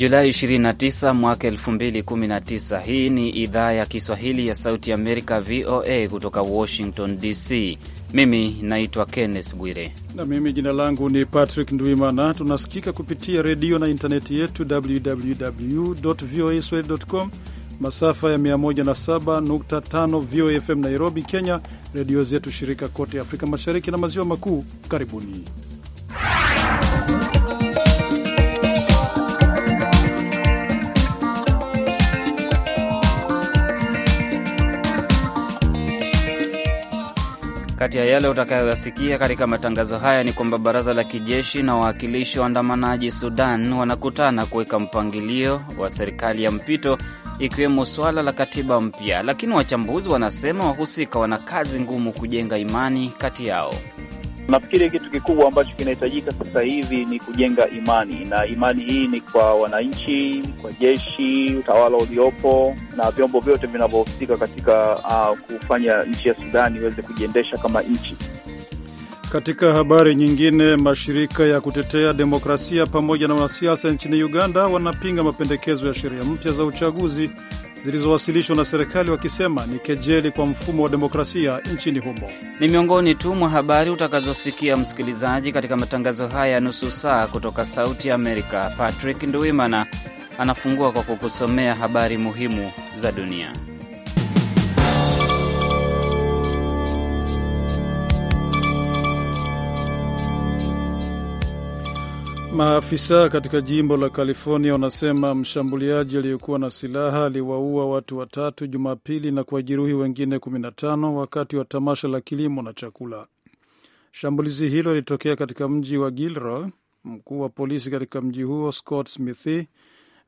Julai 29 mwaka 2019. Hii ni idhaa ya Kiswahili ya Sauti Amerika, VOA, kutoka Washington DC. Mimi naitwa Kenneth Bwire na mimi jina langu ni Patrick Ndwimana. Tunasikika kupitia redio na intaneti yetu www voa swahili com, masafa ya 107.5 VOA FM Nairobi, Kenya, redio zetu shirika kote Afrika Mashariki na Maziwa Makuu. Karibuni. Kati ya yale utakayoyasikia katika matangazo haya ni kwamba baraza la kijeshi na wawakilishi waandamanaji Sudan wanakutana kuweka mpangilio wa serikali ya mpito, ikiwemo swala la katiba mpya, lakini wachambuzi wanasema wahusika wana kazi ngumu kujenga imani kati yao. Nafikiri kitu kikubwa ambacho kinahitajika sasa hivi ni kujenga imani, na imani hii ni kwa wananchi, kwa jeshi, utawala uliopo na vyombo vyote vinavyohusika katika uh, kufanya nchi ya Sudani iweze kujiendesha kama nchi. Katika habari nyingine, mashirika ya kutetea demokrasia pamoja na wanasiasa nchini Uganda wanapinga mapendekezo ya sheria mpya za uchaguzi zilizowasilishwa na serikali wakisema ni kejeli kwa mfumo wa demokrasia nchini humo. Ni miongoni tu mwa habari utakazosikia msikilizaji, katika matangazo haya ya nusu saa kutoka Sauti ya Amerika. Patrick nduimana anafungua kwa kukusomea habari muhimu za dunia. Maafisa katika jimbo la California wanasema mshambuliaji aliyekuwa na silaha aliwaua watu watatu Jumapili na kuwajeruhi wengine 15 wakati wa tamasha la kilimo na chakula. Shambulizi hilo lilitokea katika mji wa Gilroy. Mkuu wa polisi katika mji huo Scott smith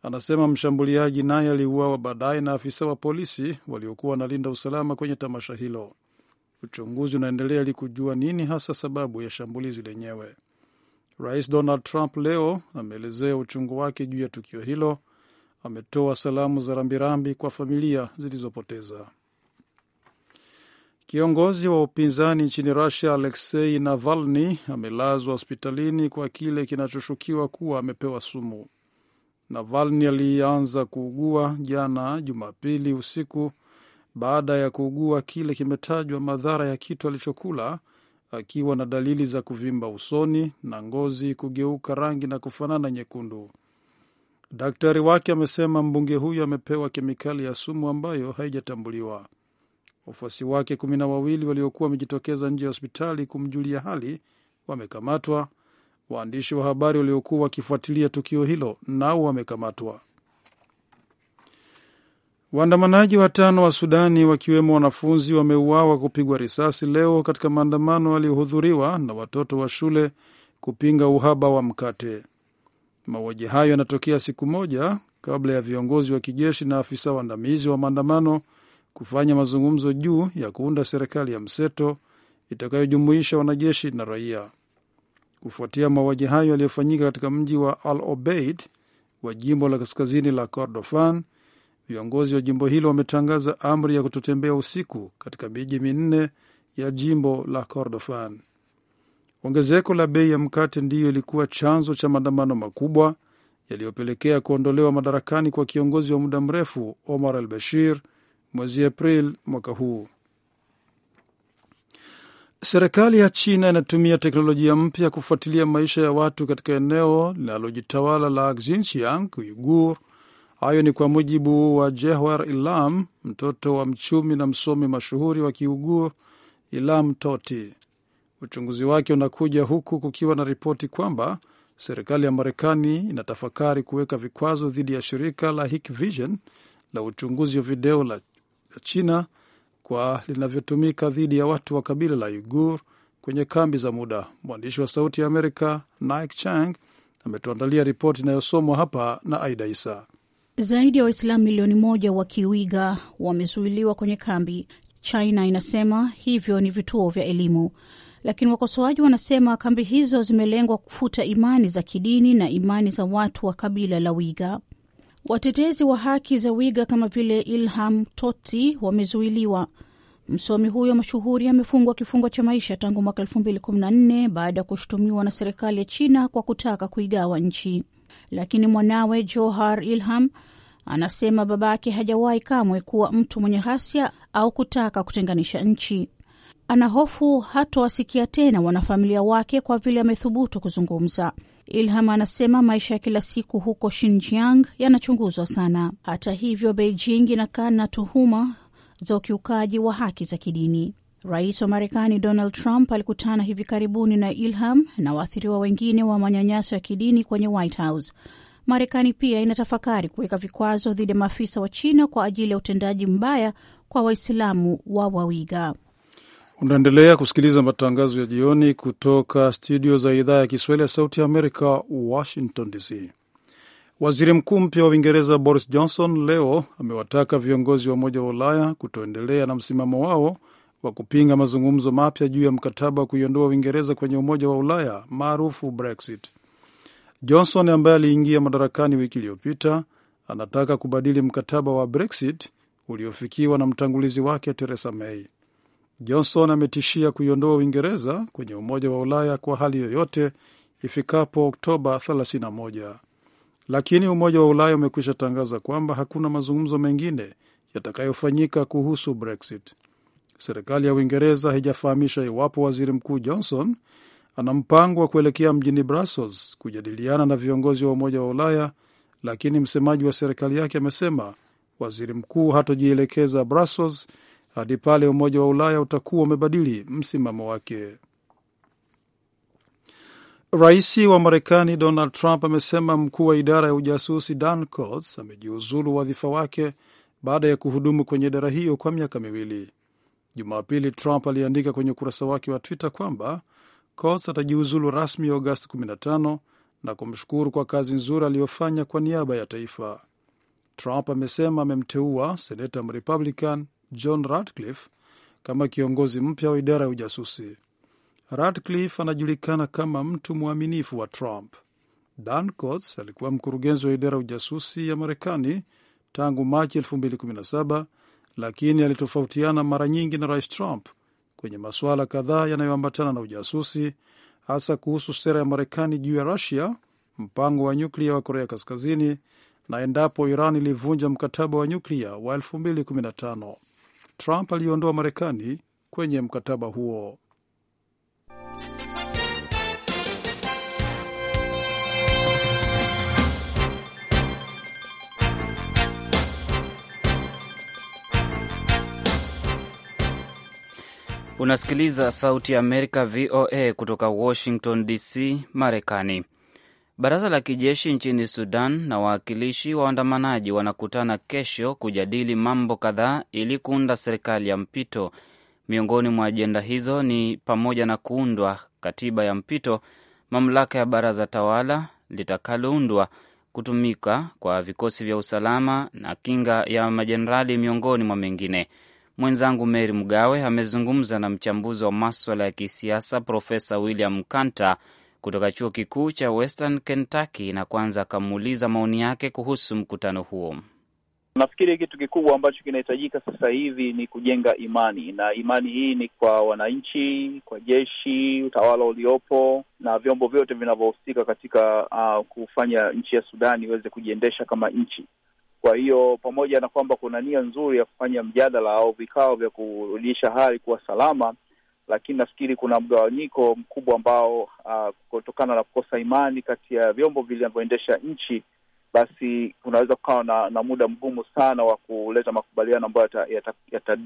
anasema mshambuliaji naye aliuawa baadaye na afisa wa polisi waliokuwa wanalinda usalama kwenye tamasha hilo. Uchunguzi unaendelea ili kujua nini hasa sababu ya shambulizi lenyewe. Rais Donald Trump leo ameelezea uchungu wake juu ya tukio hilo. Ametoa salamu za rambirambi kwa familia zilizopoteza. Kiongozi wa upinzani nchini Rusia Aleksei Navalny amelazwa hospitalini kwa kile kinachoshukiwa kuwa amepewa sumu. Navalny alianza kuugua jana Jumapili usiku baada ya kuugua kile kimetajwa madhara ya kitu alichokula akiwa na dalili za kuvimba usoni na ngozi kugeuka rangi na kufanana nyekundu. Daktari wake amesema mbunge huyo amepewa kemikali ya sumu ambayo haijatambuliwa. Wafuasi wake kumi na wawili waliokuwa wamejitokeza nje ya hospitali kumjulia hali wamekamatwa. Waandishi wa habari waliokuwa wakifuatilia tukio hilo nao wamekamatwa. Waandamanaji watano wa Sudani wakiwemo wanafunzi wameuawa kupigwa risasi leo katika maandamano yaliyohudhuriwa na watoto wa shule kupinga uhaba wa mkate. Mauaji hayo yanatokea siku moja kabla ya viongozi wa kijeshi na afisa waandamizi wa maandamano kufanya mazungumzo juu ya kuunda serikali ya mseto itakayojumuisha wanajeshi na raia. Kufuatia mauaji hayo yaliyofanyika katika mji wa Al Obeid wa jimbo la kaskazini la Kordofan, viongozi wa jimbo hilo wametangaza amri ya kutotembea usiku katika miji minne ya jimbo la Kordofan. Ongezeko la bei ya mkate ndiyo ilikuwa chanzo cha maandamano makubwa yaliyopelekea kuondolewa madarakani kwa kiongozi wa muda mrefu Omar al Bashir mwezi april mwaka huu. Serikali ya China inatumia teknolojia mpya kufuatilia maisha ya watu katika eneo linalojitawala la Xinjiang Uighur Hayo ni kwa mujibu wa Jehwar Ilam, mtoto wa mchumi na msomi mashuhuri wa Kiuguo Ilam Toti. Uchunguzi wake unakuja huku kukiwa na ripoti kwamba serikali ya Marekani inatafakari kuweka vikwazo dhidi ya shirika la Hikvision la uchunguzi wa video la China kwa linavyotumika dhidi ya watu wa kabila la Uighur kwenye kambi za muda. Mwandishi wa Sauti ya Amerika Nike Chang ametuandalia ripoti inayosomwa hapa na Aida Isa. Zaidi ya wa Waislamu milioni moja wa Kiwiga wamezuiliwa kwenye kambi, China inasema hivyo ni vituo vya elimu, lakini wakosoaji wanasema kambi hizo zimelengwa kufuta imani za kidini na imani za watu wa kabila la Wiga. Watetezi wa haki za Wiga kama vile Ilham toti wamezuiliwa. Msomi huyo mashuhuri amefungwa kifungo cha maisha tangu mwaka 2014 baada ya kushutumiwa na serikali ya China kwa kutaka kuigawa nchi lakini mwanawe Johar Ilham anasema babake hajawahi kamwe kuwa mtu mwenye ghasia au kutaka kutenganisha nchi. Ana hofu hatowasikia tena wanafamilia wake kwa vile amethubutu kuzungumza. Ilham anasema maisha ya kila siku huko Xinjiang yanachunguzwa sana. Hata hivyo, Beijing inakaa na tuhuma za ukiukaji wa haki za kidini. Rais wa Marekani Donald Trump alikutana hivi karibuni na Ilham na waathiriwa wengine wa manyanyaso ya kidini kwenye White House. Marekani pia inatafakari kuweka vikwazo dhidi ya maafisa wa China kwa ajili ya utendaji mbaya kwa Waislamu wa Wawiga. Unaendelea kusikiliza matangazo ya jioni kutoka studio za idhaa ya Kiswahili ya Sauti ya Amerika, Washington DC. Waziri mkuu mpya wa Uingereza Boris Johnson leo amewataka viongozi wa Umoja wa Ulaya kutoendelea na msimamo wao wa kupinga mazungumzo mapya juu ya mkataba wa kuiondoa Uingereza kwenye Umoja wa Ulaya maarufu Brexit. Johnson ambaye aliingia madarakani wiki iliyopita anataka kubadili mkataba wa Brexit uliofikiwa na mtangulizi wake Theresa May. Johnson ametishia kuiondoa Uingereza kwenye Umoja wa Ulaya kwa hali yoyote ifikapo Oktoba 31, lakini Umoja wa Ulaya umekwisha tangaza kwamba hakuna mazungumzo mengine yatakayofanyika kuhusu Brexit serikali ya Uingereza haijafahamisha iwapo waziri mkuu Johnson ana mpango wa kuelekea mjini Brussels kujadiliana na viongozi wa Umoja wa Ulaya, lakini msemaji wa serikali yake amesema waziri mkuu hatojielekeza Brussels hadi pale Umoja wa Ulaya utakuwa umebadili msimamo wake. Rais wa Marekani Donald Trump amesema mkuu wa idara ya ujasusi Dan Coats amejiuzulu wadhifa wake baada ya kuhudumu kwenye idara hiyo kwa miaka miwili. Jumapili, Trump aliandika kwenye ukurasa wake wa Twitter kwamba Coats atajiuzulu rasmi Agosti 15 na kumshukuru kwa kazi nzuri aliyofanya kwa niaba ya taifa. Trump amesema amemteua seneta Mrepublican John Ratcliffe kama kiongozi mpya wa idara ya ujasusi. Ratcliffe anajulikana kama mtu mwaminifu wa Trump. Dan Coats alikuwa mkurugenzi wa idara ya ujasusi ya Marekani tangu Machi 2017 lakini alitofautiana mara nyingi na Rais Trump kwenye masuala kadhaa yanayoambatana na ujasusi, hasa kuhusu sera ya Marekani juu ya Rusia, mpango wa nyuklia wa Korea Kaskazini na endapo Iran ilivunja mkataba wa nyuklia wa 2015. Trump aliondoa Marekani kwenye mkataba huo. Unasikiliza Sauti ya Amerika, VOA, kutoka Washington DC, Marekani. Baraza la kijeshi nchini Sudan na wawakilishi wa waandamanaji wanakutana kesho kujadili mambo kadhaa ili kuunda serikali ya mpito. Miongoni mwa ajenda hizo ni pamoja na kuundwa katiba ya mpito, mamlaka ya baraza tawala litakaloundwa, kutumika kwa vikosi vya usalama na kinga ya majenerali, miongoni mwa mengine. Mwenzangu Mary Mgawe amezungumza na mchambuzi wa maswala ya kisiasa Profesa William Kanta kutoka chuo kikuu cha Western Kentucky, na kwanza akamuuliza maoni yake kuhusu mkutano huo. Nafikiri kitu kikubwa ambacho kinahitajika sasa hivi ni kujenga imani, na imani hii ni kwa wananchi, kwa jeshi, utawala uliopo na vyombo vyote vinavyohusika katika uh, kufanya nchi ya Sudani iweze kujiendesha kama nchi. Kwa hiyo pamoja na kwamba kuna nia nzuri ya kufanya mjadala au vikao vya kurudisha hali kuwa salama, lakini nafikiri kuna mgawanyiko mkubwa ambao, uh, kutokana na kukosa imani kati ya vyombo vilivyoendesha nchi, basi kunaweza kukawa na, na muda mgumu sana wa kuleta makubaliano ambayo yatadumu yata, yata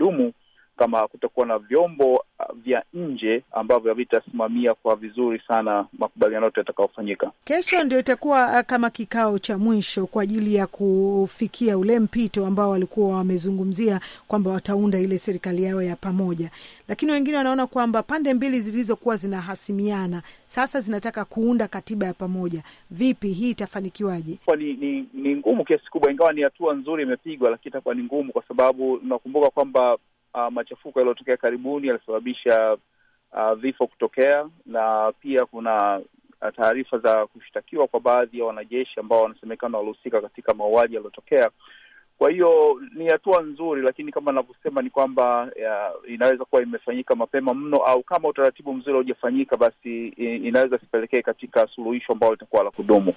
kama kutakuwa na vyombo uh, vya nje ambavyo havitasimamia kwa vizuri sana makubaliano yote yatakayofanyika. Kesho ndio itakuwa uh, kama kikao cha mwisho kwa ajili ya kufikia ule mpito ambao walikuwa wamezungumzia kwamba wataunda ile serikali yao ya pamoja, lakini wengine wanaona kwamba pande mbili zilizokuwa zinahasimiana sasa zinataka kuunda katiba ya pamoja. Vipi hii itafanikiwaje? Ni, ni, ni ngumu kiasi kubwa, ingawa ni hatua nzuri imepigwa, lakini itakuwa ni ngumu kwa sababu unakumbuka kwamba uh, machafuko yaliyotokea karibuni yalisababisha uh, vifo kutokea, na pia kuna ah, taarifa za kushtakiwa kwa baadhi ya wanajeshi ambao wanasemekana walihusika katika mauaji yaliyotokea. Kwa hiyo ni hatua nzuri, lakini kama navyosema ni kwamba inaweza kuwa imefanyika mapema mno, au kama utaratibu mzuri haujafanyika, basi inaweza sipelekee katika suluhisho ambalo litakuwa la kudumu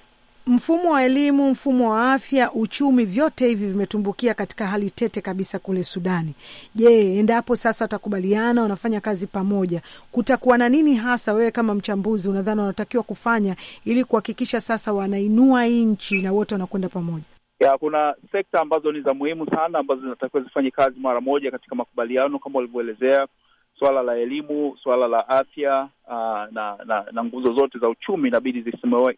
mfumo wa elimu, mfumo wa afya, uchumi, vyote hivi vimetumbukia katika hali tete kabisa kule Sudani. Je, endapo sasa watakubaliana, wanafanya kazi pamoja, kutakuwa na nini hasa? Wewe kama mchambuzi unadhani wanatakiwa kufanya ili kuhakikisha sasa wanainua hii nchi na wote wanakwenda pamoja? Ya, kuna sekta ambazo ni za muhimu sana ambazo zinatakiwa zifanye kazi mara moja katika makubaliano kama walivyoelezea swala la elimu, swala la afya uh, na, na, na nguzo zote za uchumi inabidi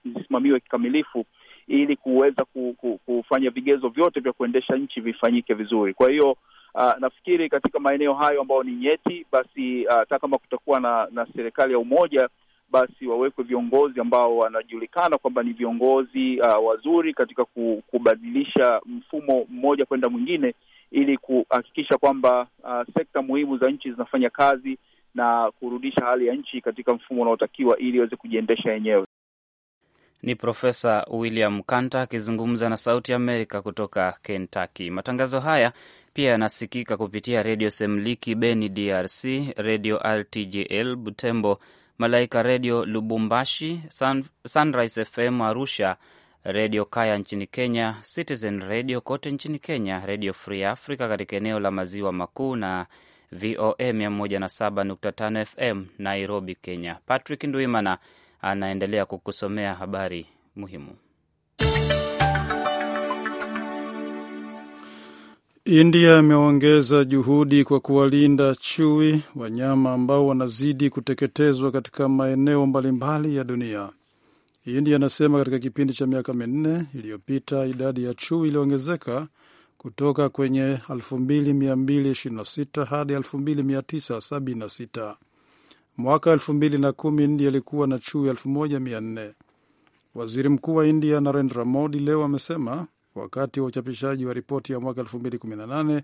zisimamiwe kikamilifu ili kuweza ku, ku, kufanya vigezo vyote vya kuendesha nchi vifanyike vizuri. Kwa hiyo uh, nafikiri katika maeneo hayo ambayo ni nyeti, basi ah, hata uh, kama kutakuwa na, na serikali ya umoja basi wawekwe viongozi ambao wanajulikana kwamba ni viongozi uh, wazuri katika kubadilisha mfumo mmoja kwenda mwingine ili kuhakikisha kwamba uh, sekta muhimu za nchi zinafanya kazi na kurudisha hali ya nchi katika mfumo unaotakiwa ili iweze kujiendesha yenyewe. Ni Profesa William Kanta akizungumza na Sauti Amerika kutoka Kentucky. Matangazo haya pia yanasikika kupitia Redio Semliki Beni DRC, Redio RTJL Butembo, Malaika Redio Lubumbashi, Sun, Sunrise FM Arusha Redio Kaya nchini Kenya, Citizen Redio kote nchini Kenya, Redio Free Africa katika eneo la maziwa makuu na VOA 107.5 FM Nairobi, Kenya. Patrick Ndwimana anaendelea kukusomea habari muhimu. India imeongeza juhudi kwa kuwalinda chui, wanyama ambao wanazidi kuteketezwa katika maeneo mbalimbali ya dunia india anasema katika kipindi cha miaka minne iliyopita idadi ya chui iliongezeka kutoka kwenye 2226 hadi 2976. Mwaka 2010 India ilikuwa na chui 1400. Waziri Mkuu wa India Narendra Modi leo amesema wakati wa uchapishaji wa ripoti ya mwaka 2018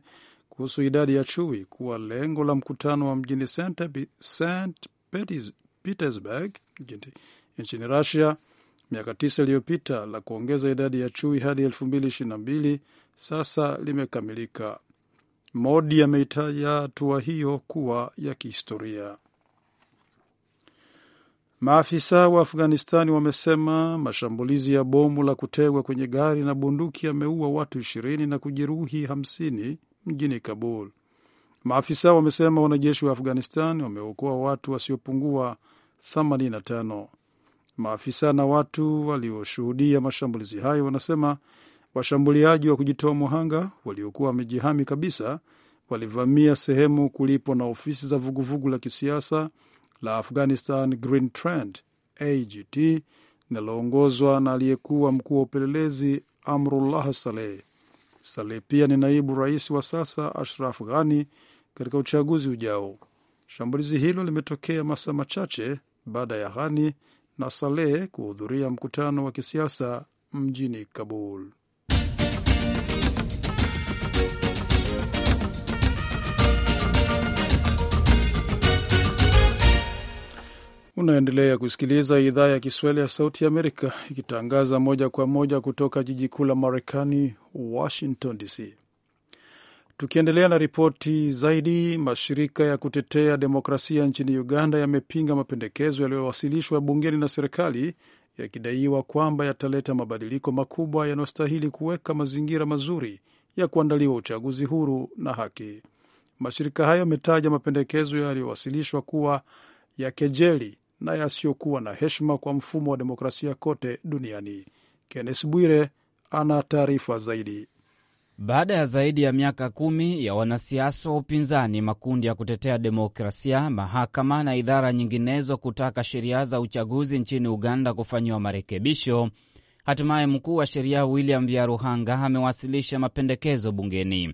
kuhusu idadi ya chui kuwa lengo la mkutano wa mjini St Petersburg nchini Russia miaka tisa iliyopita la kuongeza idadi ya chui hadi 2022 sasa limekamilika. Modi ameitaja hatua hiyo kuwa ya kihistoria. Maafisa wa Afghanistani wamesema mashambulizi ya bomu la kutegwa kwenye gari na bunduki yameua watu 20 na kujeruhi 50 mjini Kabul. Maafisa wamesema wanajeshi wa Afghanistan wameokoa watu wasiopungua 85. Maafisa na watu walioshuhudia mashambulizi hayo wanasema washambuliaji wa kujitoa muhanga waliokuwa wamejihami kabisa walivamia sehemu kulipo na ofisi za vuguvugu la kisiasa la Afghanistan Green Trend AGT linaloongozwa na aliyekuwa mkuu wa upelelezi Amrullah Saleh. Saleh pia ni naibu rais wa sasa Ashraf Ghani katika uchaguzi ujao. Shambulizi hilo limetokea masaa machache baada ya Ghani na Saleh kuhudhuria mkutano wa kisiasa mjini Kabul. Unaendelea kusikiliza idhaa ya Kiswahili ya Sauti ya Amerika ikitangaza moja kwa moja kutoka jiji kuu la Marekani, Washington DC. Tukiendelea na ripoti zaidi, mashirika ya kutetea demokrasia nchini Uganda yamepinga mapendekezo yaliyowasilishwa bungeni na serikali yakidaiwa kwamba yataleta mabadiliko makubwa yanayostahili kuweka mazingira mazuri ya kuandaliwa uchaguzi huru na haki. Mashirika hayo yametaja mapendekezo yaliyowasilishwa kuwa ya kejeli na yasiyokuwa na heshima kwa mfumo wa demokrasia kote duniani. Kennes Bwire ana taarifa zaidi. Baada ya zaidi ya miaka kumi ya wanasiasa wa upinzani, makundi ya kutetea demokrasia, mahakama na idara nyinginezo kutaka sheria za uchaguzi nchini Uganda kufanyiwa marekebisho, hatimaye mkuu wa sheria William Byaruhanga amewasilisha mapendekezo bungeni.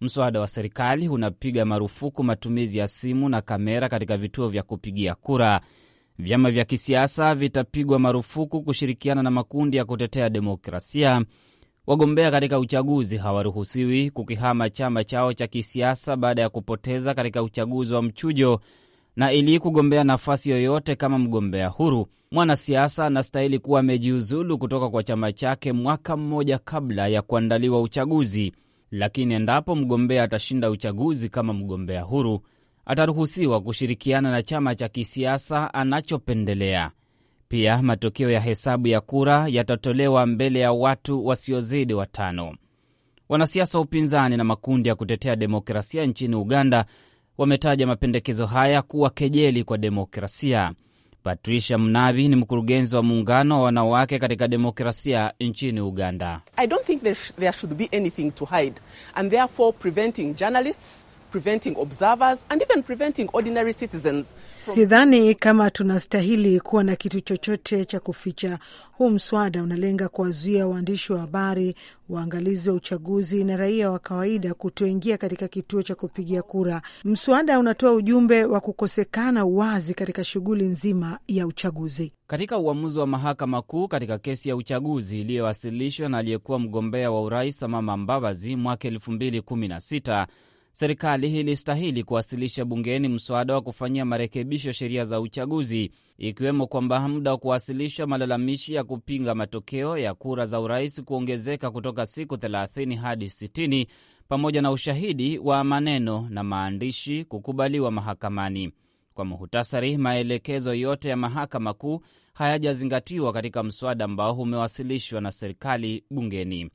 Mswada wa serikali unapiga marufuku matumizi ya simu na kamera katika vituo vya kupigia kura. Vyama vya kisiasa vitapigwa marufuku kushirikiana na makundi ya kutetea demokrasia Wagombea katika uchaguzi hawaruhusiwi kukihama chama chao cha kisiasa baada ya kupoteza katika uchaguzi wa mchujo, na ili kugombea nafasi yoyote kama mgombea huru, mwanasiasa anastahili kuwa amejiuzulu kutoka kwa chama chake mwaka mmoja kabla ya kuandaliwa uchaguzi. Lakini endapo mgombea atashinda uchaguzi kama mgombea huru, ataruhusiwa kushirikiana na chama cha kisiasa anachopendelea. Pia matokeo ya hesabu ya kura yatatolewa mbele ya watu wasiozidi watano. Wanasiasa wa upinzani na makundi ya kutetea demokrasia nchini Uganda wametaja mapendekezo haya kuwa kejeli kwa demokrasia. Patricia Mnabi ni mkurugenzi wa muungano wa wanawake katika demokrasia nchini Uganda. I don't think there preventing observers and even preventing ordinary citizens Sidhani kama tunastahili kuwa na kitu chochote cha kuficha. Huu mswada unalenga kuwazuia waandishi wa habari, waangalizi wa uchaguzi na raia wa kawaida kutoingia katika kituo cha kupigia kura. Mswada unatoa ujumbe wa kukosekana uwazi katika shughuli nzima ya uchaguzi. Katika uamuzi wa mahakama kuu katika kesi ya uchaguzi iliyowasilishwa na aliyekuwa mgombea wa urais Amama Mbabazi mwaka 2016 serikali ilistahili kuwasilisha bungeni mswada wa kufanyia marekebisho sheria za uchaguzi, ikiwemo kwamba muda wa kuwasilisha malalamishi ya kupinga matokeo ya kura za urais kuongezeka kutoka siku 30 hadi 60 pamoja na ushahidi wa maneno na maandishi kukubaliwa mahakamani. Kwa muhtasari, maelekezo yote ya mahakama kuu hayajazingatiwa katika mswada ambao umewasilishwa na serikali bungeni.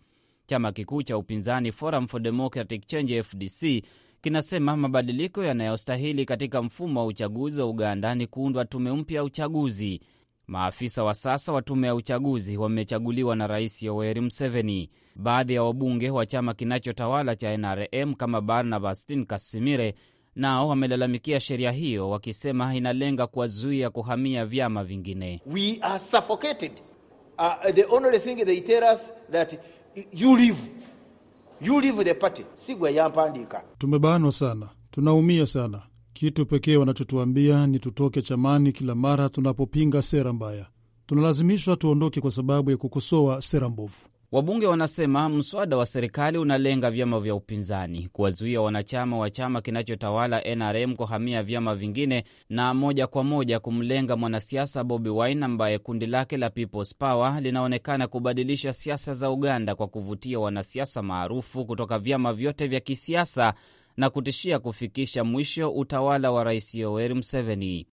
Chama kikuu cha upinzani Forum for Democratic Change FDC kinasema mabadiliko yanayostahili katika mfumo wa uchaguzi wa Uganda ni kuundwa tume mpya ya uchaguzi. Maafisa wa sasa wa tume ya uchaguzi wamechaguliwa na Rais Yoweri Museveni. Baadhi ya wabunge wa chama kinachotawala cha NRM kama Barnabas Tin Kasimire nao wamelalamikia sheria hiyo, wakisema inalenga kuwazuia kuhamia vyama vingine. We are suffocated. Uh, the only thing they tell us that you leave. You the party. Sigwe yampandika. Tumebanwa sana, tunaumia sana. Kitu pekee wanachotuambia ni tutoke chamani kila mara tunapopinga sera mbaya. Tunalazimishwa tuondoke kwa sababu ya kukosoa sera mbovu. Wabunge wanasema mswada wa serikali unalenga vyama vya upinzani, kuwazuia wanachama wa chama kinachotawala NRM kuhamia vyama vingine, na moja kwa moja kumlenga mwanasiasa Bobi Wine ambaye kundi lake la People's Power linaonekana kubadilisha siasa za Uganda kwa kuvutia wanasiasa maarufu kutoka vyama vyote vya kisiasa na kutishia kufikisha mwisho utawala wa Rais Yoweri Museveni.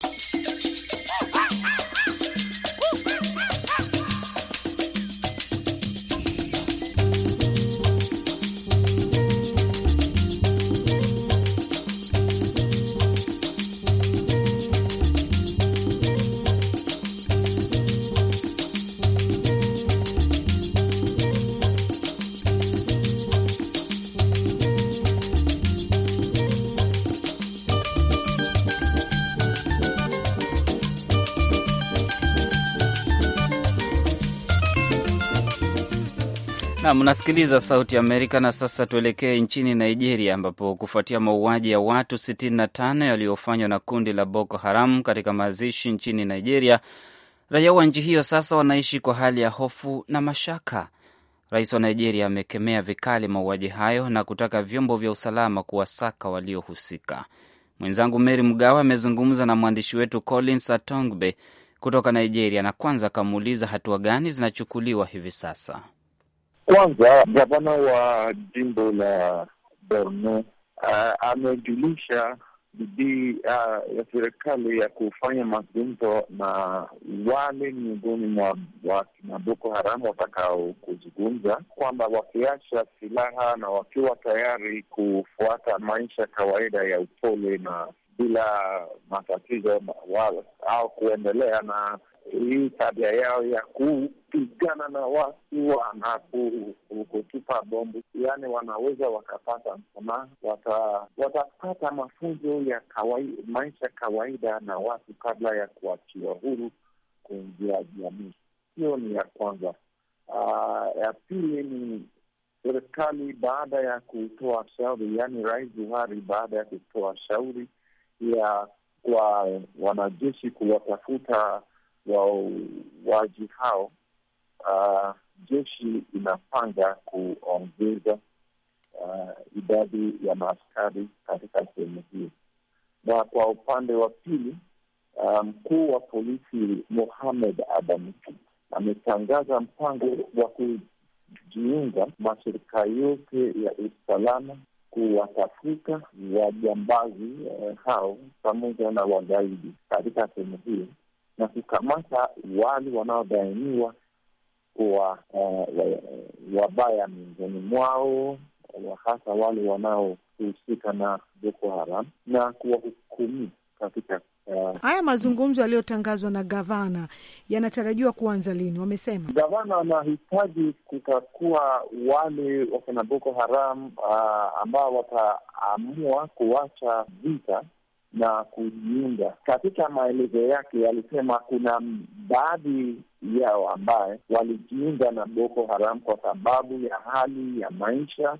Nam, mnasikiliza Sauti Amerika. Na sasa tuelekee nchini Nigeria, ambapo kufuatia mauaji ya watu 65 yaliyofanywa na kundi la Boko Haram katika mazishi nchini Nigeria, raia wa nchi hiyo sasa wanaishi kwa hali ya hofu na mashaka. Rais wa Nigeria amekemea vikali mauaji hayo na kutaka vyombo vya usalama kuwasaka waliohusika. Mwenzangu Mary Mgawa amezungumza na mwandishi wetu Collins Atongbe kutoka Nigeria, na kwanza akamuuliza hatua gani zinachukuliwa hivi sasa. Kwanza, gavana wa jimbo la Borno uh, amejulisha bidii uh, ya serikali ya kufanya mazungumzo na wale miongoni mwa wakina Boko Haramu watakao kuzungumza kwamba wakiacha silaha na wakiwa tayari kufuata maisha kawaida ya upole na bila matatizo au kuendelea na hii tabia yao ya kupigana na watu wanapotupa bombu, yaani wanaweza wakapata msamaha, wata, watapata mafunzo ya kawaida, maisha kawaida na watu kabla ya kuachiwa huru kuingia jamii. Hiyo ni ya kwanza. Uh, ya pili ni serikali baada ya kutoa shauri, yaani Rais Buhari baada ya kutoa shauri ya kwa wanajeshi kuwatafuta wauaji hao uh, jeshi inapanga kuongeza uh, idadi ya maaskari katika sehemu hiyo, na kwa upande wa pili ah, mkuu um, wa polisi Mohamed adam ametangaza mpango wa kujiunga mashirika yote ya usalama kuwatafuta wajambazi eh, hao pamoja na wagaidi katika sehemu hiyo na kukamata wale wanaodhaniwa kuwa uh, wabaya miongoni mwao hasa wale wanaohusika na Boko Haram na kuwahukumu katika eh, haya mazungumzo yaliyotangazwa na gavana yanatarajiwa kuanza lini? Wamesema gavana anahitaji kutakuwa wale wakina Boko Haram uh, ambao wataamua kuacha vita na kujiunga. Katika maelezo yake alisema kuna baadhi yao ambaye walijiunga na Boko Haram kwa sababu ya hali ya maisha,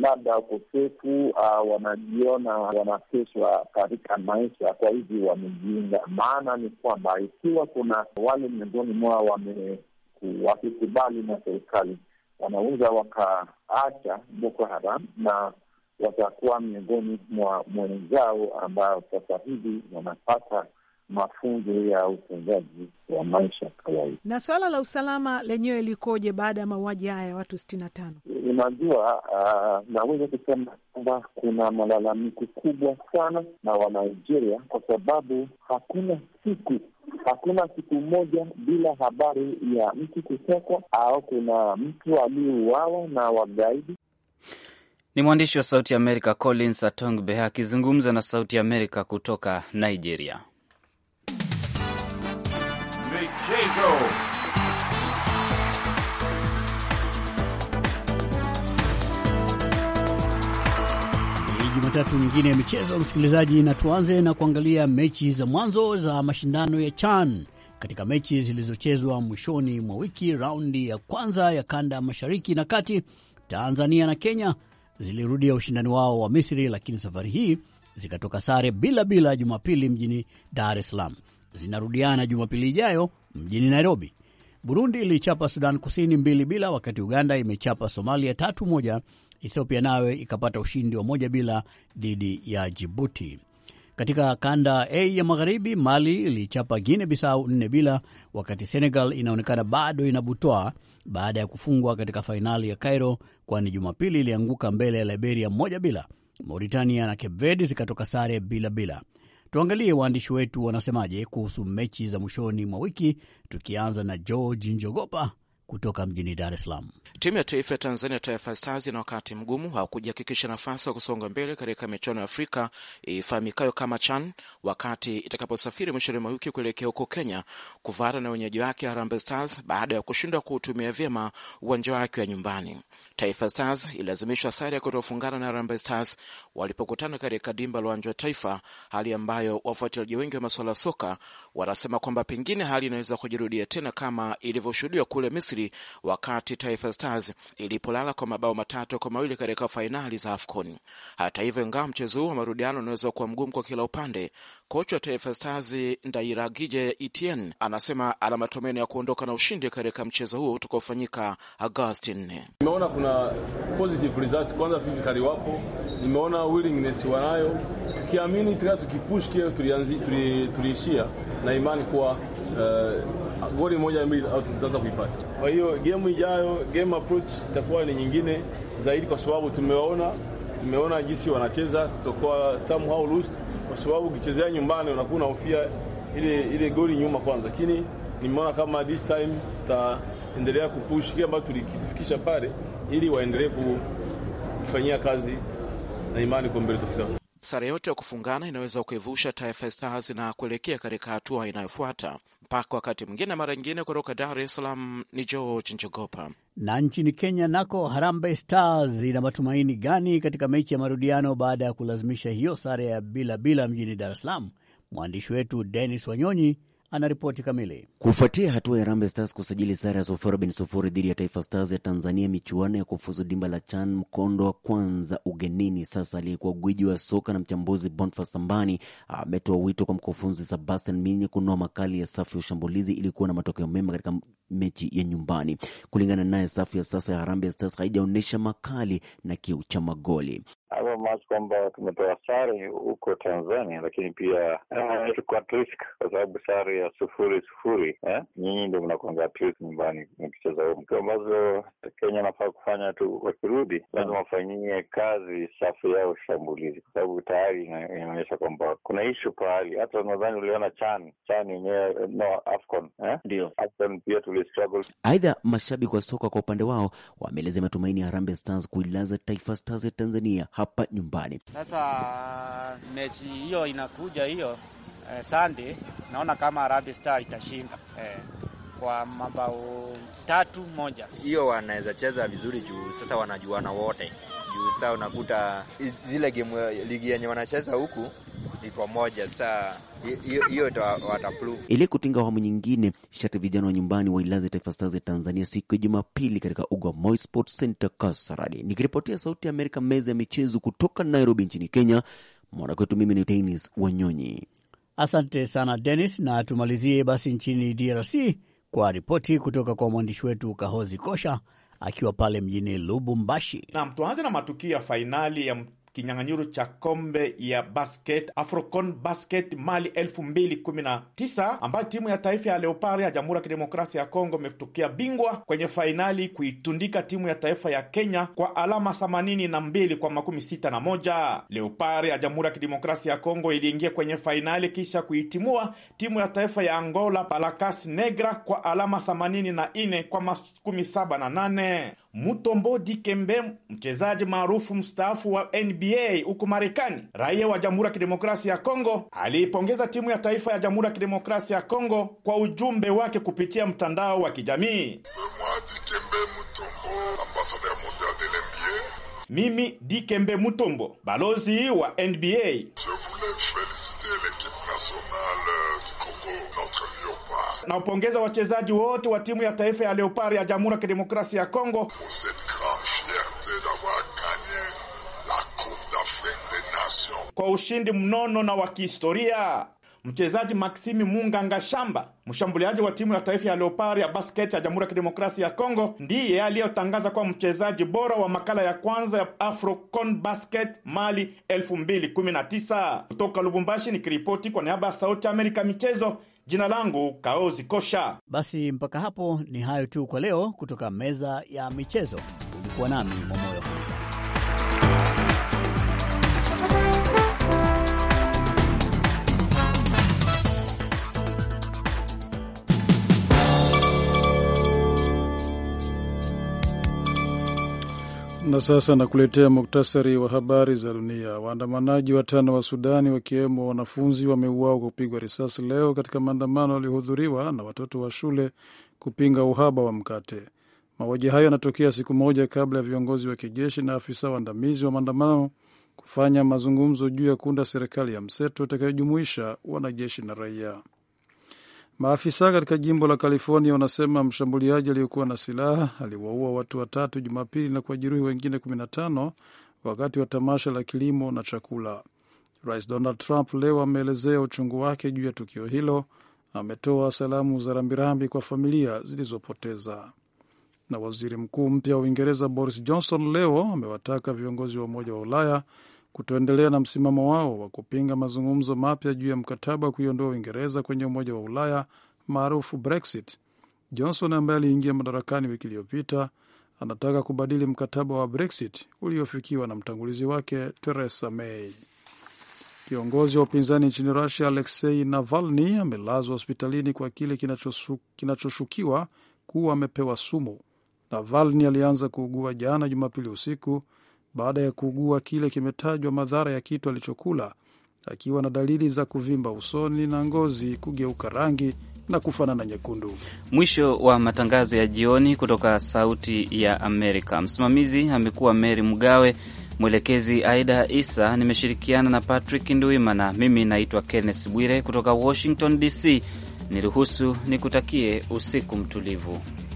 labda ukosefu, uh, wanajiona wanateswa katika maisha, kwa hivyo wamejiunga. Maana ni kwamba ikiwa kuna wale miongoni mwao wame wakikubali na serikali wanaweza wakaacha Boko Haram na watakuwa miongoni mwa mwenzao ambao sasa hivi wanapata mafunzo ya utunzaji wa maisha kawaida. Na suala la usalama lenyewe likoje baada ya mauaji haya ya watu sitini na tano? Unajua, uh, naweza kusema kwamba kuna malalamiko kubwa sana na Wanigeria kwa sababu hakuna siku hakuna siku moja bila habari ya mtu kutekwa au kuna mtu aliyeuawa na wagaidi. Ni mwandishi wa Sauti Amerika Collins Atongbe akizungumza na Sauti Amerika kutoka Nigeria. Michezo. Jumatatu nyingine ya michezo, msikilizaji, na tuanze na kuangalia mechi za mwanzo za mashindano ya CHAN. Katika mechi zilizochezwa mwishoni mwa wiki, raundi ya kwanza ya kanda mashariki na kati, Tanzania na Kenya zilirudia ushindani wao wa Misri, lakini safari hii zikatoka sare bila bila Jumapili mjini Dar es Salaam. Zinarudiana Jumapili ijayo mjini Nairobi. Burundi ilichapa Sudan Kusini mbili bila, wakati Uganda imechapa Somalia tatu moja. Ethiopia nayo ikapata ushindi wa moja bila dhidi ya Jibuti. Katika kanda A ya magharibi, Mali ilichapa Guine Bisau nne bila, wakati Senegal inaonekana bado inabutwa baada ya kufungwa katika fainali ya Cairo, kwani Jumapili ilianguka mbele ya Liberia moja bila. Mauritania na Cape Verde zikatoka sare bila bila. Tuangalie waandishi wetu wanasemaje kuhusu mechi za mwishoni mwa wiki, tukianza na George Njogopa kutoka mjini Dar es Salaam. Timu ya taifa ya Tanzania, Taifa Stars, ina wakati mgumu wa kujihakikisha nafasi ya kusonga mbele katika michuano ya Afrika ifahamikayo kama CHAN wakati itakaposafiri mwishoni mwa wiki kuelekea huko Kenya kuvaana na wenyeji wake Harambee Stars baada ya kushindwa kuutumia vyema uwanja wake wa nyumbani. Taifa Stars ililazimishwa sare ya kutofungana na Harambee Stars walipokutana katika dimba la uwanja wa Taifa, hali ambayo wafuatiliaji wengi wa masuala ya soka wanasema kwamba pengine hali inaweza kujirudia tena kama ilivyoshuhudiwa kule Misri wakati Taifa Stars ilipolala kwa mabao matatu kwa mawili katika fainali za AFCON. Hata hivyo, ingawa mchezo huu wa marudiano unaweza kuwa mgumu kwa kila upande, kocha wa Taifa Stars Ndairagije etn anasema ana matumaini ya kuondoka na ushindi katika mchezo huo utakaofanyika Agosti 4. Nimeona kuna positive results, kwanza physically wapo, nimeona willingness wanayo, tukiamini tukipush kile tuliishia tuli na imani kuwa uh, goli moja mbili au tutaanza kuipata. Kwa hiyo game ijayo, game approach itakuwa ni nyingine zaidi, kwa sababu tumewaona tumeona jinsi wanacheza, tutakuwa somehow lost, kwa sababu ukichezea nyumbani unakuwa unahofia ile ile goli nyuma kwanza, lakini nimeona kama this time tutaendelea kupush kile ambacho tulikifikisha pale, ili waendelee kufanyia kazi na imani kwa mbele tofauti sare yote ya kufungana inaweza kuivusha Taifa Stars na kuelekea katika hatua inayofuata. Mpaka wakati mwingine, mara nyingine. Kutoka Dar es Salaam ni George Njogopa. Na nchini Kenya nako Harambee Stars ina matumaini gani katika mechi ya marudiano baada ya kulazimisha hiyo sare ya bila bila mjini Dar es Salaam? Mwandishi wetu Dennis Wanyonyi anaripoti kamili. Kufuatia hatua ya Harambee Stars kusajili sare ya sufuri bin sufuri dhidi ya Taifa Stars ya Tanzania michuano ya kufuzu dimba la CHAN mkondo wa kwanza ugenini, sasa aliyekuwa gwiji wa soka na mchambuzi Bonfas Sambani ametoa wito kwa mkufunzi Sebastian min kunoa makali ya safu ya ushambulizi ili kuwa na matokeo mema katika mechi ya nyumbani. Kulingana naye, safu ya sasa ya Harambee Stars haijaonyesha makali na kiu cha magoli. Hapo kwamba tumetoa sare huko Tanzania, lakini pia eh, ah. tuko at risk kwa sababu sare ya sufuri sufuri, eh, nyinyi ndio mnakuanga at risk nyumbani mkicheza home, ambazo Kenya anafaa kufanya tu wakirudi, lazima ah. wafanyie kazi safu yao shambulizi, kwa sababu tayari inaonyesha kwamba kuna ishu pahali. Hata nadhani uliona chan chan yenyewe no Afcon, eh? ndio Afcon pia tulistruggle. Aidha, mashabiki wa soka kwa upande wao wameelezea matumaini ya Harambee Stars kuilaza Taifa Stars ya Tanzania hapa nyumbani. Sasa uh, mechi hiyo inakuja hiyo eh, Sunday naona kama Arabi Star itashinda eh, kwa mabao tatu moja. Hiyo wanaweza cheza vizuri juu sasa wanajuana wote juu sasa unakuta zile game eh, ligi yenye wanacheza huku kwa moja Saa hiyo wataprove. Ili kutinga awamu nyingine, shati vijana wa nyumbani wailaze Taifa Stars ya Tanzania siku ya Jumapili katika uga wa Moi Sports Center Kasarani. Nikiripotia Sauti ya Amerika, meza ya michezo kutoka Nairobi nchini Kenya, mwanakwetu mimi ni Dennis Wanyonyi. Asante sana Dennis, na tumalizie basi nchini DRC kwa ripoti kutoka kwa mwandishi wetu Kahozi Kosha akiwa pale mjini Lubumbashi. Nam, tuanze na matukio ya fainali ya kinyang'anyiro cha kombe ya basket Afrocon Basket Mali 2019 ambayo timu ya taifa ya Leopard ya Jamhuri ya Kidemokrasia ya Kongo imetokea bingwa kwenye fainali kuitundika timu ya taifa ya Kenya kwa alama 82 kwa 61 sita Leopard ya Jamhuri ya Kidemokrasia ya Kongo iliingia kwenye fainali kisha kuitimua timu ya taifa ya Angola Palacas Negra kwa alama 84 kwa 78 Mutombo Dikembe, mchezaji maarufu mstaafu wa NBA huko Marekani, raia wa Jamhuri ya Kidemokrasia ya Kongo, aliipongeza timu ya taifa ya Jamhuri ya Kidemokrasia ya Kongo kwa ujumbe wake kupitia mtandao wa kijamii. Mimi Dikembe Mutombo, balozi wa NBA. Je voulais féliciter l'équipe nationale nawapongeza wachezaji wote wa timu ya taifa ya Leopard ya Jamhuri ya Kidemokrasia ya Kongo. Kwa ushindi mnono na wa kihistoria, mchezaji Maximi Munganga Shamba, mshambuliaji wa timu ya taifa ya Leopard ya basket ya Jamhuri ya Kidemokrasia ya Kongo, ndiye aliyotangaza kuwa mchezaji bora wa makala ya kwanza ya Afrocon Basket Mali 2019 kutoka Lubumbashi. ni kiripoti kwa niaba ya Sauti ya Amerika michezo. Jina langu Kaozi Kosha. Basi mpaka hapo ni hayo tu kwa leo, kutoka meza ya michezo. Ulikuwa nami Momoyo. Na sasa nakuletea muktasari wa habari za dunia. Waandamanaji watano wa Sudani wakiwemo wanafunzi wameuawa kwa kupigwa risasi leo katika maandamano yaliyohudhuriwa na watoto wa shule kupinga uhaba wa mkate. Mauaji hayo yanatokea siku moja kabla ya viongozi wa kijeshi na afisa waandamizi wa maandamano kufanya mazungumzo juu ya kuunda serikali ya mseto itakayojumuisha wanajeshi na raia. Maafisa katika jimbo la California wanasema mshambuliaji aliyekuwa na silaha aliwaua watu watatu Jumapili na kuwajeruhi wengine 15 wakati wa tamasha la kilimo na chakula. Rais Donald Trump leo ameelezea uchungu wake juu ya tukio hilo. Ametoa salamu za rambirambi kwa familia zilizopoteza. Na waziri mkuu mpya wa Uingereza Boris Johnson leo amewataka viongozi wa Umoja wa Ulaya kutoendelea na msimamo wao wa kupinga mazungumzo mapya juu ya mkataba wa kuiondoa Uingereza kwenye Umoja wa Ulaya maarufu Brexit. Johnson ambaye aliingia madarakani wiki iliyopita anataka kubadili mkataba wa Brexit uliofikiwa na mtangulizi wake Theresa May. Kiongozi wa upinzani nchini Rusia Aleksei Navalny amelazwa hospitalini kwa kile kinachoshukiwa kuwa amepewa sumu. Navalny alianza kuugua jana Jumapili usiku baada ya kuugua kile kimetajwa madhara ya kitu alichokula, akiwa na dalili za kuvimba usoni na ngozi kugeuka rangi na kufanana nyekundu. Mwisho wa matangazo ya jioni kutoka Sauti ya Amerika. Msimamizi amekuwa Meri Mgawe, mwelekezi Aida Isa, nimeshirikiana na Patrick Nduimana. Mimi naitwa Kenneth Bwire kutoka Washington DC. Niruhusu nikutakie usiku mtulivu.